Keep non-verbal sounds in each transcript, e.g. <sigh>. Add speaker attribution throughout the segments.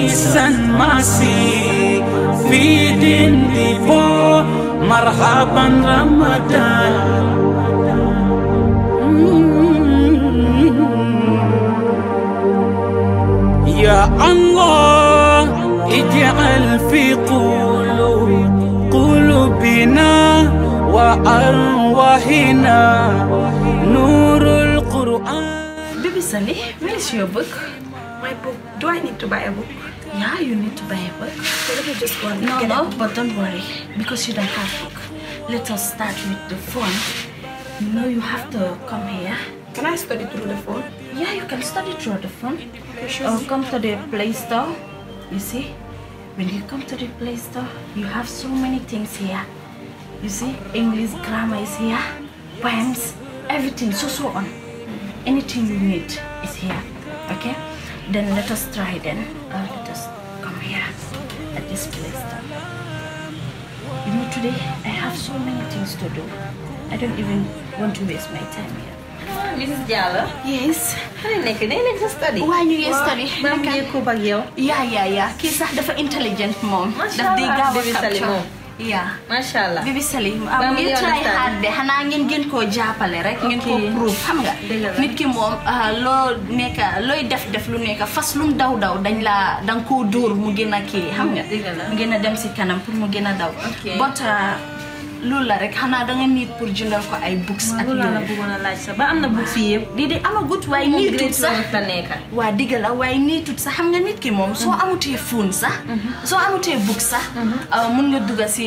Speaker 1: عيسى المسيح في دين ديفو مرحبا رمضان يا الله اجعل في قلوب قلوبنا وأرواحنا نور
Speaker 2: القرآن Baby Sunny, where is your book? My book. Do I need to buy a book? Yeah, you need to buy a book. So let me just go and no, no, but don't worry because you don't have book. Let us start with the phone. No, you have to come here. Can I study through the phone? Yeah, you can study through the phone. Or uh, come to the Play Store. You see, when you come to the Play Store, you have so many things here. You see, English grammar is here, poems, everything, so so on. Mm-hmm. Anything you need is here, okay? Then let us try then. Uh, let us come here at this place. Then. You know, today I have so many things to do. I don't even want to waste my time here. Mrs. Diallo? Yes. How nekk day nekk study. Why ñu ngi study. Maam ngeen go back here. Yeah, yeah, yeah. Kii sax dafa intelligent mom. Daf di gaaw yeah macha allah Bibi Salim mu um, ngi try hard de xanaa ngeen gën koo jàppale rek ngeen koo prove xam nga nit ki moom uh, loo nekk looy def def lu nekk fas lu daw daw dañ la dang koo dóor mu gën a kii xam nga mu ngeen a dem si kanam pour mu gën a daw but uh, loolu la rek xanaa da nga niit pour jëndal ko ay books. ak yooyu la bëggoon a laaj sax ba am na books fii yëpp. di am amagut waaye niitut sax waaye digg la waaye niitut sax xam nga nit ki moom. soo amutee phone sax. Mhm. soo amutee books sax. Mhm. Euh, mun nga dugg si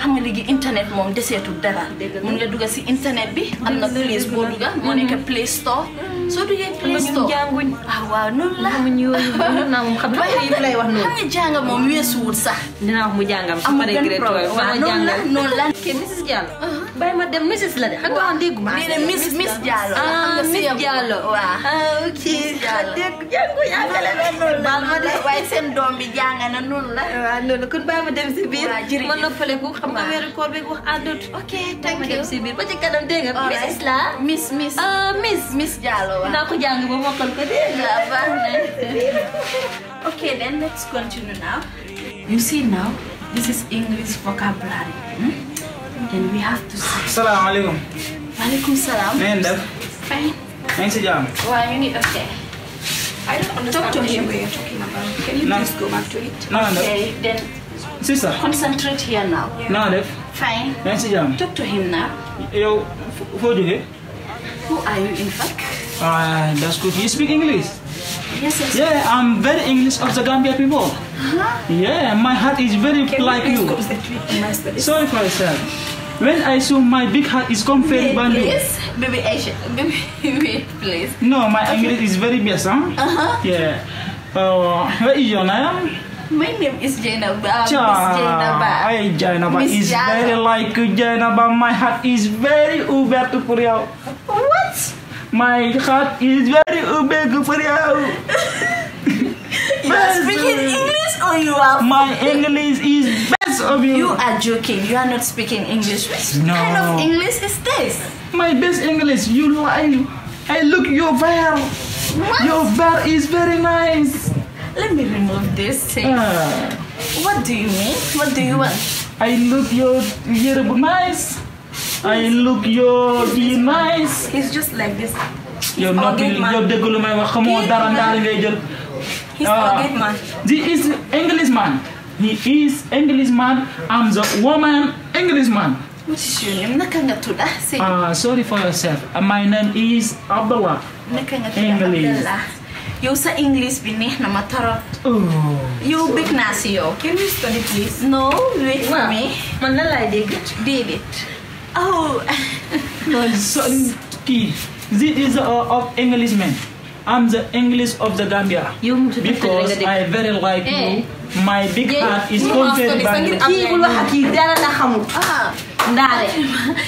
Speaker 2: xam nga léegi internet moom deseetul dara. mun nga dugg si internet bi. am na place boo dugg moo nekk mhm. play store. soo duggee play store ah waaw noonu la noonu la moom xam nga lay wax noonu. xam nga jàng moom weesuwul sax. dinaa wax mu jàngam su paree grade 12 noonu la noonu la. kenn si jàll. bay ma dem misis aku de ak wa ndegu ma ni mis ah Miss jallo wah. ah ok xadeg jangu ya ngale la non la bal ma de way sen dom bi jangana non la wa ah, non kun bay ma dem ci bir ma noppale ko xam thank you ci bir ba ci kanam de nga misis la mis mis ah Miss Miss jallo wa nako jang bo mokal ko de la ba Okay, then let's continue now. You see now, this is English vocabulary. Hmm? Then we have to
Speaker 1: say. Salam alaikum.
Speaker 2: Alaikum salam. And up. Fine. Fine, Jam. Well, you need okay. I don't understand Talk to him. what you're talking about. Can you no. please go back to it? No, okay, then. Sister. Concentrate here now. Yeah. No, Def. Fine. Thanks, Jam. Talk to him now.
Speaker 1: Yo, who are you here? Who are you, in fact? Uh, that's good. You speak English? Yes, yes. Yeah, I'm very English of the Gambia people.
Speaker 2: Huh?
Speaker 1: Yeah, my heart is very Can like you. Sorry for yourself. When I saw my big heart is come very bad. Please,
Speaker 2: baby, Asia, baby, please.
Speaker 1: No, my okay. English is very best, huh? Uh huh. Yeah. Uh, what is your name?
Speaker 2: My name is Jainaba. Miss Jainaba.
Speaker 1: Hey, Jainaba Miss is very like Jainaba. My heart is very uber to for you. What? My heart is very uber to for you. <laughs>
Speaker 2: you speaking English or you are? My English is. You are joking. You are not speaking English. What no. kind of English is this? My best English. You lie.
Speaker 1: Hey, look, your bear. What? Your bear is very nice. Let me remove this thing. Uh, what do you mean? What do you want? I look your ear nice. I look your be nice. He's just like this. You're not you're the gulumay. Come on, daran daran He's a ah. good man. This is English man. He is Englishman. I'm the woman Englishman.
Speaker 2: What is your name? Nakangatula. Say.
Speaker 1: Ah, sorry for yourself. Uh, my name is
Speaker 2: Abdullah. Nakangatula. English. Abdullah. You say English binih na matarot. Oh. You so. big nasio. Can you study please? No, wait for me. Manala did David. Oh. <laughs> no, son. This
Speaker 1: is uh, of Englishman. I'm the English of the Gambia. Because I very like eh. you. My big heart is content by you. kii bul wax ak kii dara la xamul.
Speaker 2: Ah. ndaare.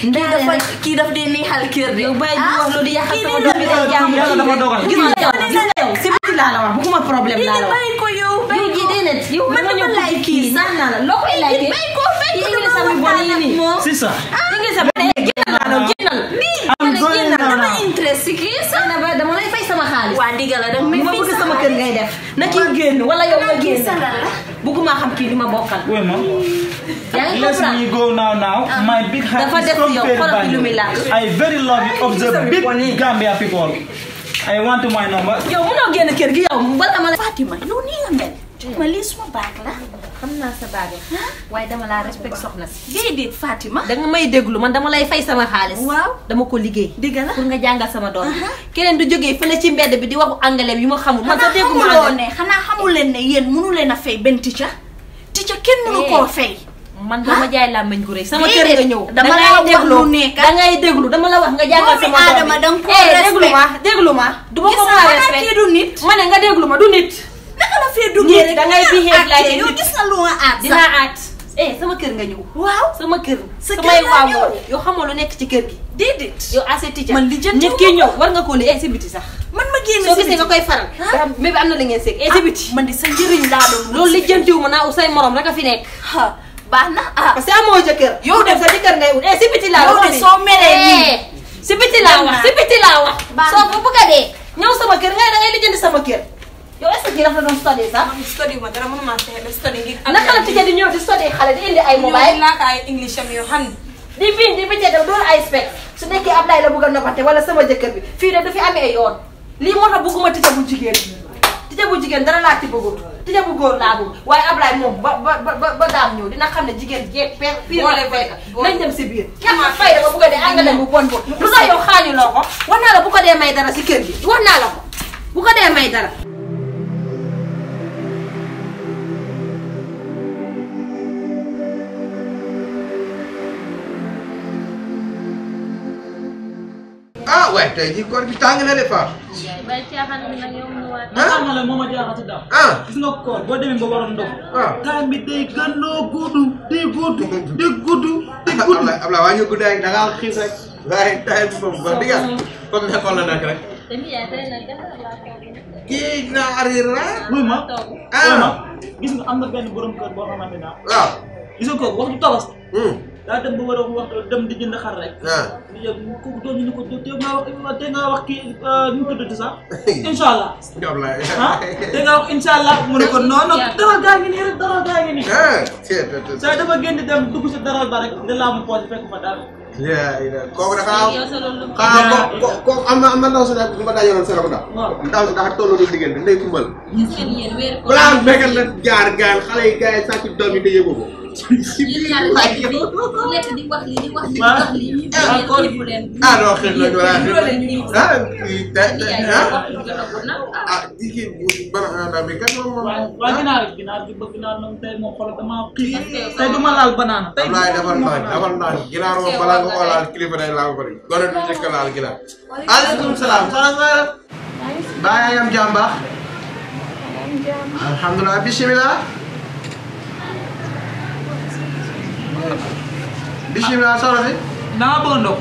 Speaker 2: ndaare nag kii daf dee neexal kër de. yow bàyyi bi ah. wax loolu yàqal sama doom bi day jaamu kii dafa dogal. gis nga yow si biti laa la wax bu ma problème laa la wax. bàyyi ko yow bàyyi ko yow déedéet yow man dama laaj kii sax naa la loo koy laajee. bàyyi ko bàyyi ko dama waxtaan ak moom. c'est ça. Ah. wala yow nga génn bugguma xam kii li ma bokkal. yaa ngi comprendre
Speaker 1: go now now. Ah. my big heart dafa def yow xoolal fi lu muy laaj. I very love you of the big people. I want my number. yow
Speaker 2: mënoo génn kër gi yow wala ma la Fatima yow nii nga mel. ma lii suma baag la. xam naa sa baag la. waaye dama laa respect soxna si. déedéet Fatima. da nga may déglu man dama lay fay sama xaalis. waaw dama ko liggéey. dëgg la pour nga jàngal sama doom uh-huh. keneen du jógee fële ci mbedd bi di waxu anglais yu ma xamul. man sa déggu ma anglais ne leen ne yéen mënu leen a fay benn ticca. ticca kenn mënu eh. koo fay. man dama jaay làmmiñ gu rëy sama kër nga ñëw dama la wax lu nekk da ngay déglu dama la wax nga jàngal sama doom doomi aadama eh, déglu ma déglu ma du ma ko mën a respect kii du nit ma ne nga déglu ma du nit naka la fee duggee rek da ngay behave like yow gis na ma aat dinaa aat eh, sama kër nga ñëw waaw sama kër lu nekk ci kër gi déedéet yow as a teacher man li jënd nit ki ñëw war nga koo ne eh sax man ma génn soo gisee nga am na la ngeen seeg eh si ah, man di sa njëriñ laa doon loolu li jëndiw ma naa say morom rek a fi nekk baax na ah parce que amoo jëkkër yow dem sa jëkkër ngay wut eh si biti laa wax soo melee eh, nii si biti laa wax si biti laa wax soo bu bëgg a dee ñëw sama kër ngay da ngay li jënd sama kër yow est-ce que dafa doon study sax. man study ma dara mënuma fexe ba study ngir. naka la tijjee di ñëw di study xale di indi ay mobile. ñëw ay english am yoo xam ne. di bind di bëccëg daf doon ay spec su nekkee Ablaye la bëgg a noppante wala sama jëkkër bi fii de du fi amee yoon lii moo tax bëgguma tijjee bu jigéen. tijjee bu jigéen dara laa ci bëggut tijjee bu góor laa bëgg waaye Ablaye moom ba ba ba ba daam ñëw dina xam ne jigéen jéeg pexe. boole boole fekk nañ dem si biir. képp fay dafa bëgg a dee engrais bu bon bon. lu tax yow xaañu loo ko war naa la bu ko dee may dara si kër gi war naa la ko bu ko dee may dara
Speaker 1: waaye tey jii koor bi tàng na de faa.
Speaker 2: bay caaxaan bi nag yomb waay. ah
Speaker 1: ma la moom a jaaxatu daal. ah gis nga koor boo demee ba waroon ndox. waaw ah. temps bi day gën a gudd. day gudd day gudd day gudd. Ablaye Ablaye waa ñu guddaay da ngaa xiis rek. waaye temps bi moom ba digal comme nekkoon la nekk rek.
Speaker 2: kii naa arrière la. muy ma
Speaker 1: ah gis nga am na benn borom kër boo xamante ne ah. waaw gis nga kooku wax ju tawas. daa dem ba war wax dem di jënd xar kan, rek. waaw ñu ko doon ñu ko tey nga wax tey nga wax kii nu mu tuddati sax. incha allah.
Speaker 2: yow la nga wax incha mu ne ko non dara
Speaker 1: gaa ngi rek dara gaa ngi nii. saa dafa génn dem dugg si dara ba rek ne laa mu poche fekk fa dara. kooku dafa di
Speaker 2: lekk di wax lii di wax lii di wax lii. ah kon ah non xëy na ñu war a ah ah kii ban maanaam bi kat moom moom.
Speaker 1: waaw ginaar ginaar bi ba ginaar moom tey moo xool dama kii tey du ma laal banaan. tey du ma laal banaan Ablaye defal naa ginaar moom balaa nga koo laal kilifa day laal bëri. gone du njëkk laal ginaar. aleykum salaam. baa yaa ngi am jàmm baax. alhamdulilah bisimilah. Bismillah salah sih? Eh? Nah, bondo.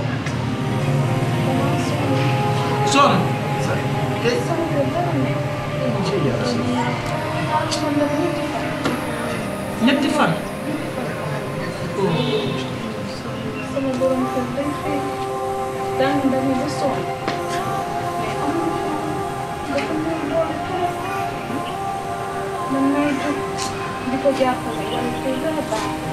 Speaker 1: Son. Oke. Ñetti fan. Sama borom
Speaker 2: di ko jàppale yàlla itu gën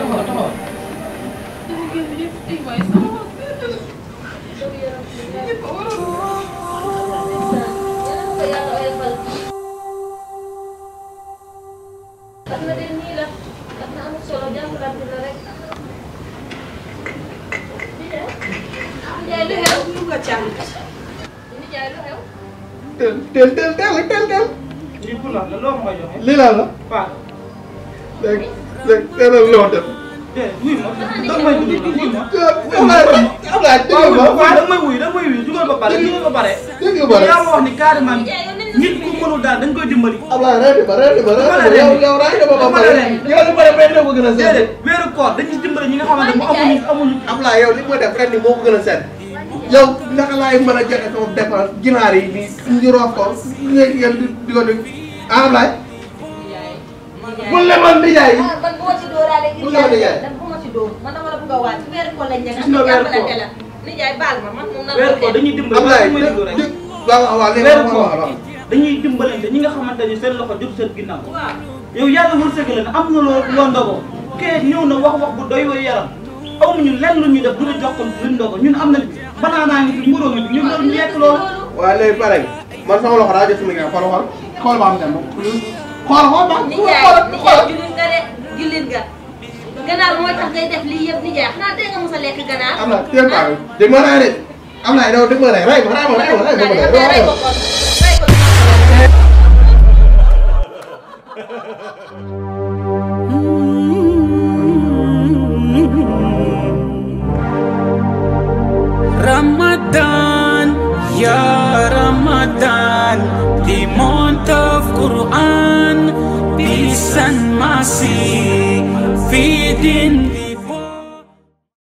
Speaker 2: teel teel teel teel
Speaker 1: teel teel. lii pour la loo ma joxe. lii laa la. waaw. léegi léegi teelal loo def. eh wuy ma da may wuy ma. da may wuy da may wuy jugal ba pare jugal ba pare. jugal ba pare yaa ma wax ni carrément nit ku mënul daal dañ koy dimbali. Ablaye reeti ba reeti ba reeti yow yow reeti ba ba pare. yow li ma def ren ko gën a seet. déedéet weeru koor dañuy dimbali ñi nga xamante ne amuñu amuñu. Ablaye yow li ma def ren moo ko gën a seet. yow naka laay mën a joxe sama dépense ginaar yi nii ñu roof ko ngeen ngeen di di ko déglu ah Ablaye.
Speaker 2: bu lemoon di jaay. ah man bu ma ci dóoraale. bu lemoon di jaay bu ma ci dóor man dama la a waaj weer ko ma man moom nan la.
Speaker 1: dañuy dimbali dañuy dimbalante ñi nga xamante ni seen loxo jóg seen ginnaaw. waaw yow yàlla wërsëgal na am na loo loo ndogo. kee ñëw na wax wax bu doy wa yaram. amuñu lenn lu ñuy def du la jox ko luñ doog ñun am na
Speaker 2: banaanaa ngi fi mburoo ngi fi ñun loolu ñu lekk loolu.
Speaker 1: waaye léegi pare man ma loxo daa jot sama ngeen xool xool xool ba am dem xool
Speaker 2: xool ba. ni jaay ni jaay jullit nga de jullit nga. ganaar mooy tax ngay def lii yëpp ni jaay xanaa tey nga mos a lekk ganaar. am
Speaker 1: na teel paa bi dégg nga ray de am na ay daw dégg nga ray ray ma ray ma ray ma ray ma ray ma ray ma ray ma